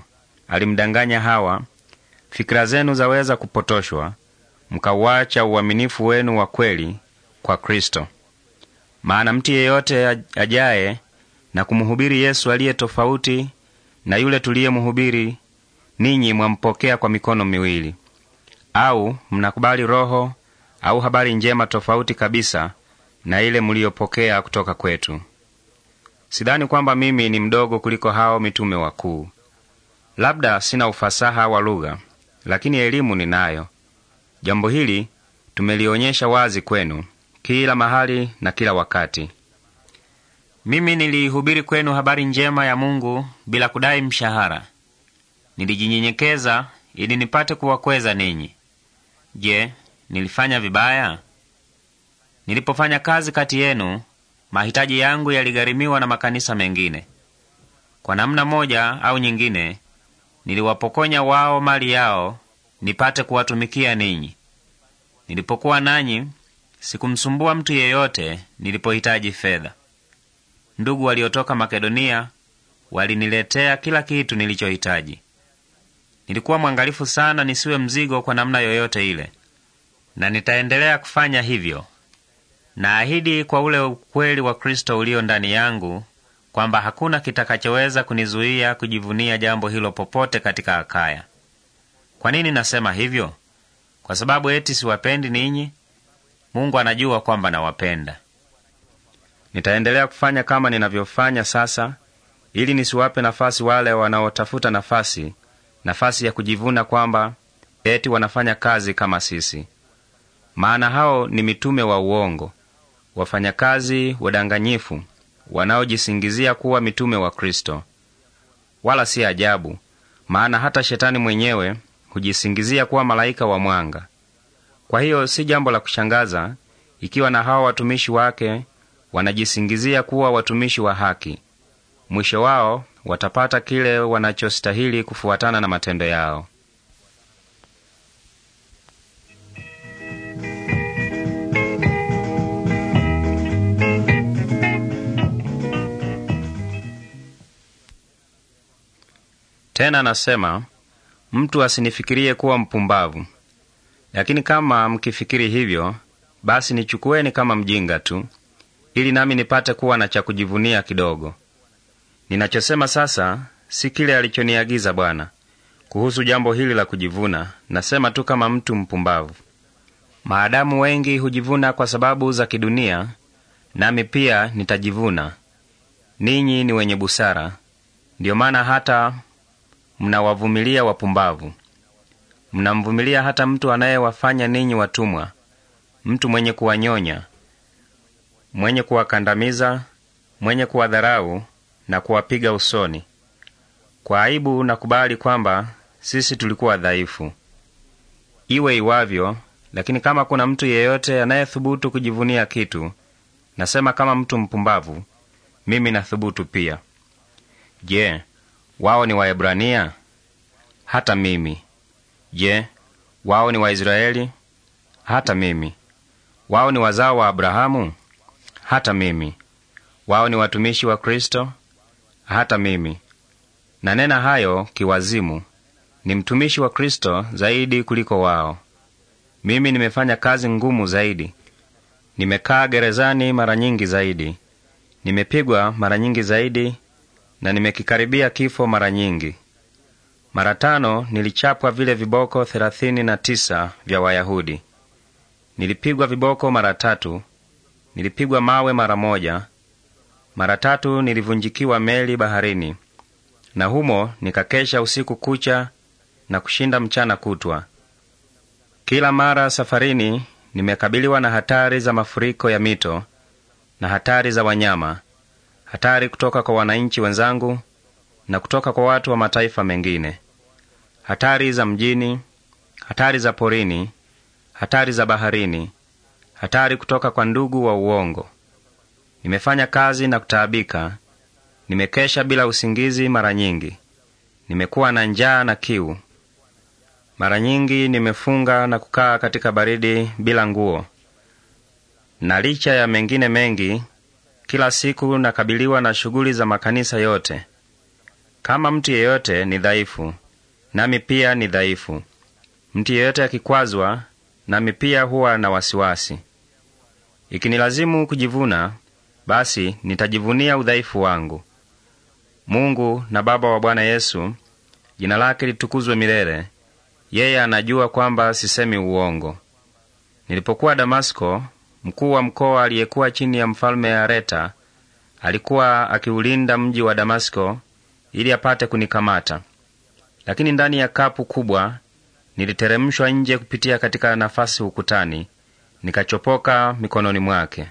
S1: alimdanganya Hawa, fikira zenu zaweza kupotoshwa mkauacha uaminifu wenu wa kweli kwa Kristo. Maana mtu yeyote ajaye na kumhubiri Yesu aliye tofauti na yule tuliyemhubiri, ninyi mwampokea kwa mikono miwili, au mnakubali roho au habari njema tofauti kabisa na ile mliyopokea kutoka kwetu. Sidhani kwamba mimi ni mdogo kuliko hao mitume wakuu. Labda sina ufasaha wa lugha, lakini elimu ninayo. Jambo hili tumelionyesha wazi kwenu kila mahali na kila wakati. Mimi niliihubiri kwenu habari njema ya Mungu bila kudai mshahara. Nilijinyenyekeza ili nipate kuwakweza ninyi. Je, nilifanya vibaya? Nilipofanya kazi kati yenu, mahitaji yangu yaligharimiwa na makanisa mengine. Kwa namna moja au nyingine, niliwapokonya wao mali yao nipate kuwatumikia ninyi. Nilipokuwa nanyi, sikumsumbua mtu yeyote nilipohitaji fedha ndugu waliotoka Makedonia waliniletea kila kitu nilichohitaji. Nilikuwa mwangalifu sana nisiwe mzigo kwa namna yoyote ile, na nitaendelea kufanya hivyo. Naahidi kwa ule ukweli wa Kristo ulio ndani yangu kwamba hakuna kitakachoweza kunizuia kujivunia jambo hilo popote katika Akaya. Kwa nini nasema hivyo? Kwa sababu eti siwapendi ninyi? Mungu anajua kwamba nawapenda. Nitaendelea kufanya kama ninavyofanya sasa, ili nisiwape nafasi wale wanaotafuta nafasi, nafasi ya kujivuna kwamba eti wanafanya kazi kama sisi. Maana hao ni mitume wa uongo, wafanyakazi wadanganyifu, wanaojisingizia kuwa mitume wa Kristo. Wala si ajabu, maana hata shetani mwenyewe hujisingizia kuwa malaika wa mwanga. Kwa hiyo si jambo la kushangaza ikiwa na hawa watumishi wake wanajisingizia kuwa watumishi wa haki. Mwisho wao watapata kile wanachostahili kufuatana na matendo yao. Tena nasema mtu asinifikirie kuwa mpumbavu, lakini kama mkifikiri hivyo, basi nichukueni kama mjinga tu, ili nami nipate kuwa na cha kujivunia kidogo. Ninachosema sasa si kile alichoniagiza Bwana kuhusu jambo hili la kujivuna. Nasema tu kama mtu mpumbavu. Maadamu wengi hujivuna kwa sababu za kidunia, nami pia nitajivuna. Ninyi ni wenye busara, ndiyo maana hata mnawavumilia wapumbavu. Mnamvumilia hata mtu anayewafanya ninyi watumwa, mtu mwenye kuwanyonya mwenye kuwakandamiza, mwenye kuwadharau na kuwapiga usoni. Kwa aibu nakubali kwamba sisi tulikuwa dhaifu, iwe iwavyo. Lakini kama kuna mtu yeyote anayethubutu kujivunia kitu, nasema kama mtu mpumbavu, mimi nathubutu pia. Je, wao ni Waebrania? Hata mimi. Je, wao ni Waisraeli? Hata mimi. Wao ni wazao wa Abrahamu? hata mimi. Wao ni watumishi wa Kristo, hata mimi. Nanena hayo kiwazimu, ni mtumishi wa Kristo zaidi kuliko wao. Mimi nimefanya kazi ngumu zaidi, nimekaa gerezani mara nyingi zaidi, nimepigwa mara nyingi zaidi, na nimekikaribia kifo mara nyingi. Mara tano nilichapwa vile viboko thelathini na tisa vya Wayahudi. Nilipigwa viboko mara tatu, Nilipigwa mawe mara moja, mara tatu nilivunjikiwa meli baharini, na humo nikakesha usiku kucha na kushinda mchana kutwa. Kila mara safarini nimekabiliwa na hatari za mafuriko ya mito na hatari za wanyama, hatari kutoka kwa wananchi wenzangu na kutoka kwa watu wa mataifa mengine, hatari za mjini, hatari za porini, hatari za baharini, hatari kutoka kwa ndugu wa uongo. Nimefanya kazi na kutaabika, nimekesha bila usingizi mara nyingi, nimekuwa na njaa na kiu. Mara nyingi nimefunga na kukaa katika baridi bila nguo. Na licha ya mengine mengi, kila siku nakabiliwa na shughuli za makanisa yote. Kama mtu yeyote ni dhaifu, nami pia ni dhaifu. Mtu yeyote akikwazwa, nami pia huwa na wasiwasi. Ikinilazimu kujivuna, basi nitajivunia udhaifu wangu. Mungu na Baba wa Bwana Yesu, jina lake litukuzwe milele, yeye anajua kwamba sisemi uongo. Nilipokuwa Damasko, mkuu wa mkoa aliyekuwa chini ya mfalme Areta alikuwa akiulinda mji wa Damasko ili apate kunikamata, lakini ndani ya kapu kubwa niliteremshwa nje kupitia katika nafasi ukutani nikachopoka mikononi mwake.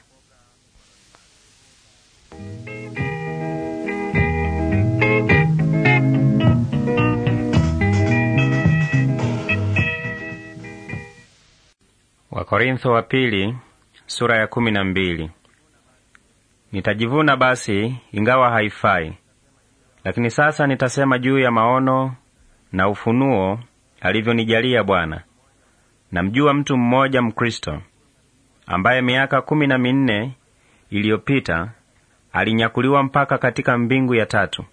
S1: Wakorintho wa pili, sura ya kumi na mbili. Nitajivuna basi ingawa haifai, lakini sasa nitasema juu ya maono na ufunuo alivyonijalia Bwana. Namjua mtu mmoja Mkristo ambaye miaka kumi na minne iliyopita alinyakuliwa mpaka katika mbingu ya tatu.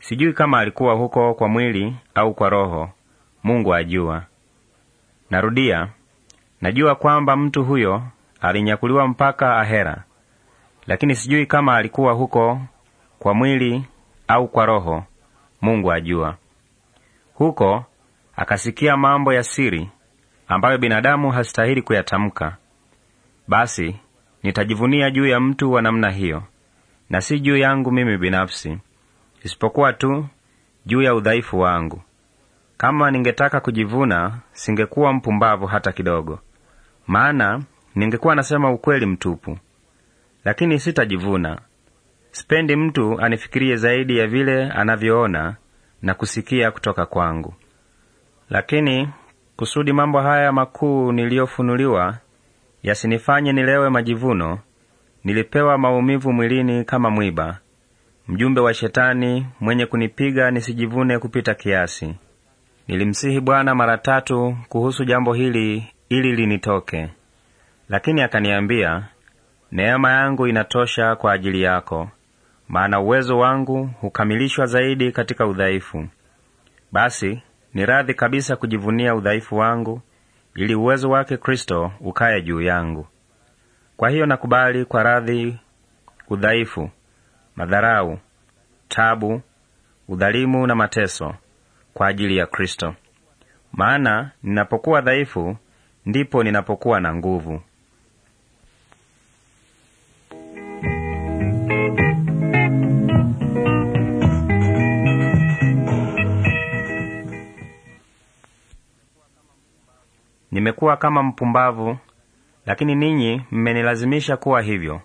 S1: Sijui kama alikuwa huko kwa mwili au kwa roho, Mungu ajua. Narudia, najua kwamba mtu huyo alinyakuliwa mpaka ahera, lakini sijui kama alikuwa huko kwa mwili au kwa roho, Mungu ajua. Huko akasikia mambo ya siri ambayo binadamu hastahili kuyatamka, basi nitajivunia juu ya mtu wa namna hiyo, na si juu yangu mimi binafsi, isipokuwa tu juu ya udhaifu wangu. Kama ningetaka kujivuna, singekuwa mpumbavu hata kidogo, maana ningekuwa nasema ukweli mtupu. Lakini sitajivuna. Sipendi mtu anifikirie zaidi ya vile anavyoona na kusikia kutoka kwangu. Lakini kusudi mambo haya makuu niliyofunuliwa yasinifanye nilewe majivuno. Nilipewa maumivu mwilini kama mwiba, mjumbe wa Shetani mwenye kunipiga nisijivune kupita kiasi. Nilimsihi Bwana mara tatu kuhusu jambo hili ili linitoke, lakini akaniambia, neema yangu inatosha kwa ajili yako, maana uwezo wangu hukamilishwa zaidi katika udhaifu. Basi ni radhi kabisa kujivunia udhaifu wangu ili uwezo wake Kristo ukaye juu yangu. Kwa hiyo nakubali kwa radhi udhaifu, madharau, tabu, udhalimu na mateso kwa ajili ya Kristo. Maana ninapokuwa dhaifu ndipo ninapokuwa na nguvu. Nimekuwa kama mpumbavu, lakini ninyi mmenilazimisha kuwa hivyo.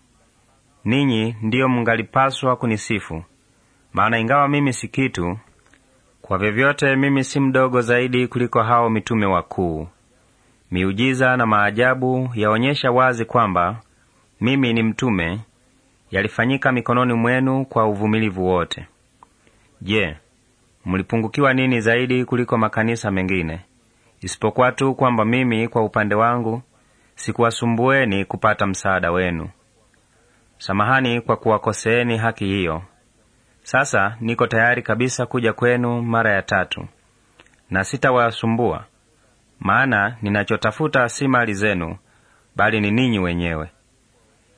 S1: Ninyi ndiyo mngalipaswa kunisifu, maana ingawa mimi si kitu, kwa vyovyote mimi si mdogo zaidi kuliko hao mitume wakuu. Miujiza na maajabu yaonyesha wazi kwamba mimi ni mtume, yalifanyika mikononi mwenu kwa uvumilivu wote. Je, mlipungukiwa nini zaidi kuliko makanisa mengine? isipokuwa tu kwamba mimi kwa upande wangu sikuwasumbueni kupata msaada wenu. Samahani kwa kuwakoseeni haki hiyo. Sasa niko tayari kabisa kuja kwenu mara ya tatu, na sitawasumbua, maana ninachotafuta si mali zenu, bali ni ninyi wenyewe.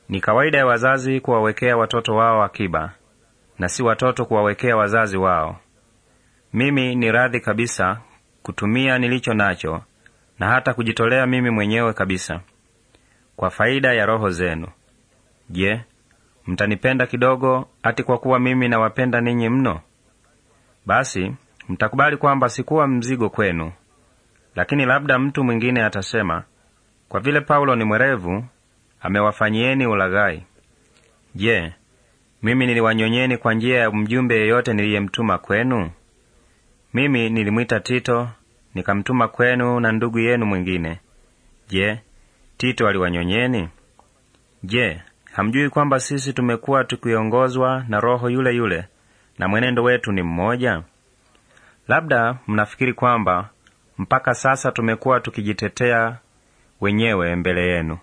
S1: Ni kawaida ya wazazi kuwawekea watoto wao akiba, na si watoto kuwawekea wazazi wao. Mimi ni radhi kabisa kutumia nilicho nacho na hata kujitolea mimi mwenyewe kabisa kwa faida ya roho zenu. Je, mtanipenda kidogo hati kwa kuwa mimi nawapenda ninyi mno? Basi mtakubali kwamba sikuwa mzigo kwenu. Lakini labda mtu mwingine atasema, kwa vile Paulo ni mwerevu, amewafanyieni ulaghai. Je, mimi niliwanyonyeni kwa njia ya mjumbe yeyote niliyemtuma kwenu? Mimi nilimwita Tito nikamtuma kwenu na ndugu yenu mwingine. Je, Tito aliwanyonyeni? Je, hamjui kwamba sisi tumekuwa tukiongozwa na Roho yule yule na mwenendo wetu ni mmoja? Labda mnafikiri kwamba mpaka sasa tumekuwa tukijitetea wenyewe mbele yenu,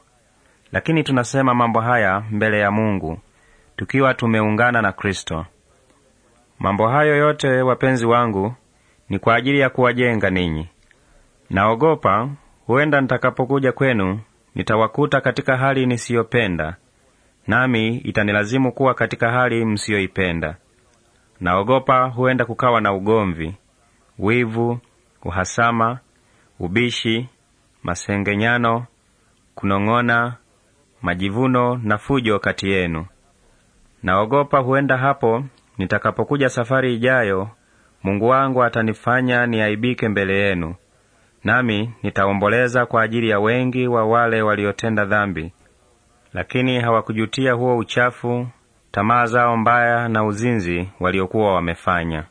S1: lakini tunasema mambo haya mbele ya Mungu tukiwa tumeungana na Kristo. Mambo hayo yote, wapenzi wangu, ni kwa ajili ya kuwajenga ninyi. Naogopa huenda nitakapokuja kwenu nitawakuta katika hali nisiyopenda, nami itanilazimu kuwa katika hali msiyoipenda. Naogopa huenda kukawa na ugomvi, wivu, uhasama, ubishi, masengenyano, kunong'ona, majivuno na fujo kati yenu. Naogopa huenda hapo nitakapokuja safari ijayo Mungu wangu atanifanya niaibike mbele yenu, nami nitaomboleza kwa ajili ya wengi wa wale waliotenda dhambi, lakini hawakujutia huo uchafu, tamaa zao mbaya na uzinzi waliokuwa wamefanya.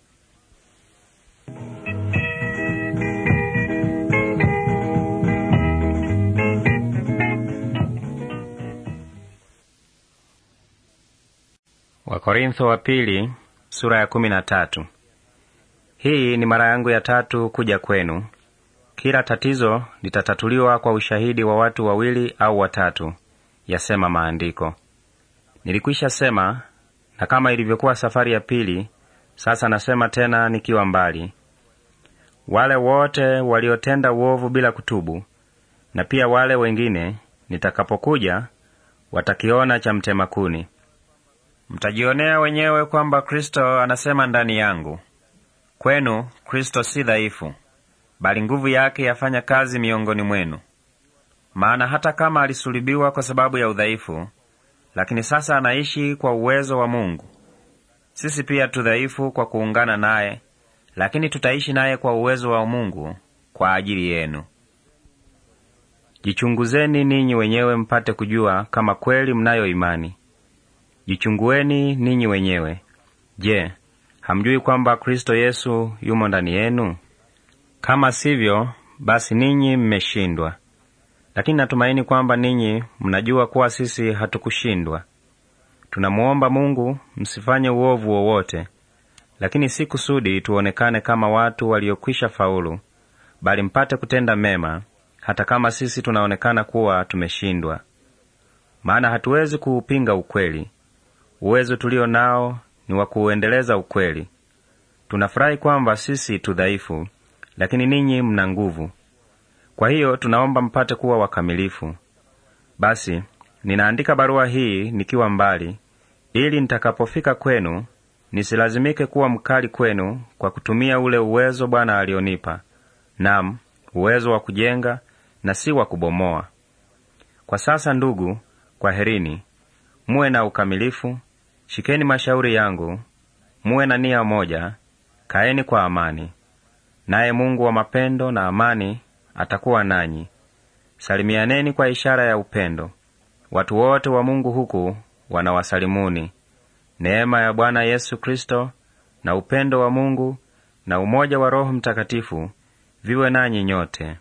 S1: Wakorintho wa pili, sura ya kumi na tatu. Hii ni mara yangu ya tatu kuja kwenu. Kila tatizo litatatuliwa kwa ushahidi wa watu wawili au watatu, yasema Maandiko. Nilikwisha sema, na kama ilivyokuwa safari ya pili, sasa nasema tena nikiwa mbali. Wale wote waliotenda uovu bila kutubu, na pia wale wengine, nitakapokuja, watakiona cha mtemakuni. Mtajionea wenyewe kwamba Kristo anasema ndani yangu. Kwenu Kristo si dhaifu, bali nguvu yake yafanya kazi miongoni mwenu. Maana hata kama alisulubiwa kwa sababu ya udhaifu, lakini sasa anaishi kwa uwezo wa Mungu. Sisi pia tu dhaifu kwa kuungana naye, lakini tutaishi naye kwa uwezo wa Mungu kwa ajili yenu. Jichunguzeni ninyi wenyewe mpate kujua kama kweli mnayo imani. Jichungueni ninyi wenyewe. Je, hamjui kwamba Kristo Yesu yumo ndani yenu? Kama sivyo, basi ninyi mmeshindwa. Lakini natumaini kwamba ninyi mnajua kuwa sisi hatukushindwa. Tunamuomba Mungu msifanye uovu wowote, lakini si kusudi tuonekane kama watu waliokwisha faulu, bali mpate kutenda mema, hata kama sisi tunaonekana kuwa tumeshindwa. Maana hatuwezi kuupinga ukweli. Uwezo tulio nao ni wa kuuendeleza ukweli. Tunafurahi kwamba sisi tu dhaifu, lakini ninyi mna nguvu. Kwa hiyo tunaomba mpate kuwa wakamilifu. Basi ninaandika barua hii nikiwa mbali, ili nitakapofika kwenu nisilazimike kuwa mkali kwenu kwa kutumia ule uwezo Bwana alionipa, nam uwezo wa kujenga na si wa kubomoa. Kwa sasa, ndugu, kwa herini muwe na ukamilifu Shikeni mashauri yangu, muwe na nia moja, kaeni kwa amani, naye Mungu wa mapendo na amani atakuwa nanyi. Salimianeni kwa ishara ya upendo. Watu wote wa Mungu huku wanawasalimuni. Neema ya Bwana Yesu Kristo na upendo wa Mungu na umoja wa Roho Mtakatifu viwe nanyi nyote.